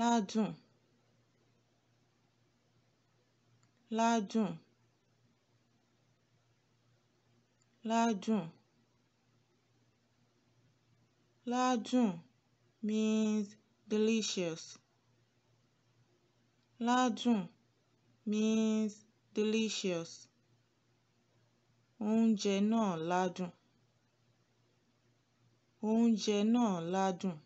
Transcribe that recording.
ládùn ládùn ládùn ládùn means delicious ládùn means delicious oúnjẹ náà ládùn oúnjẹ náà ládùn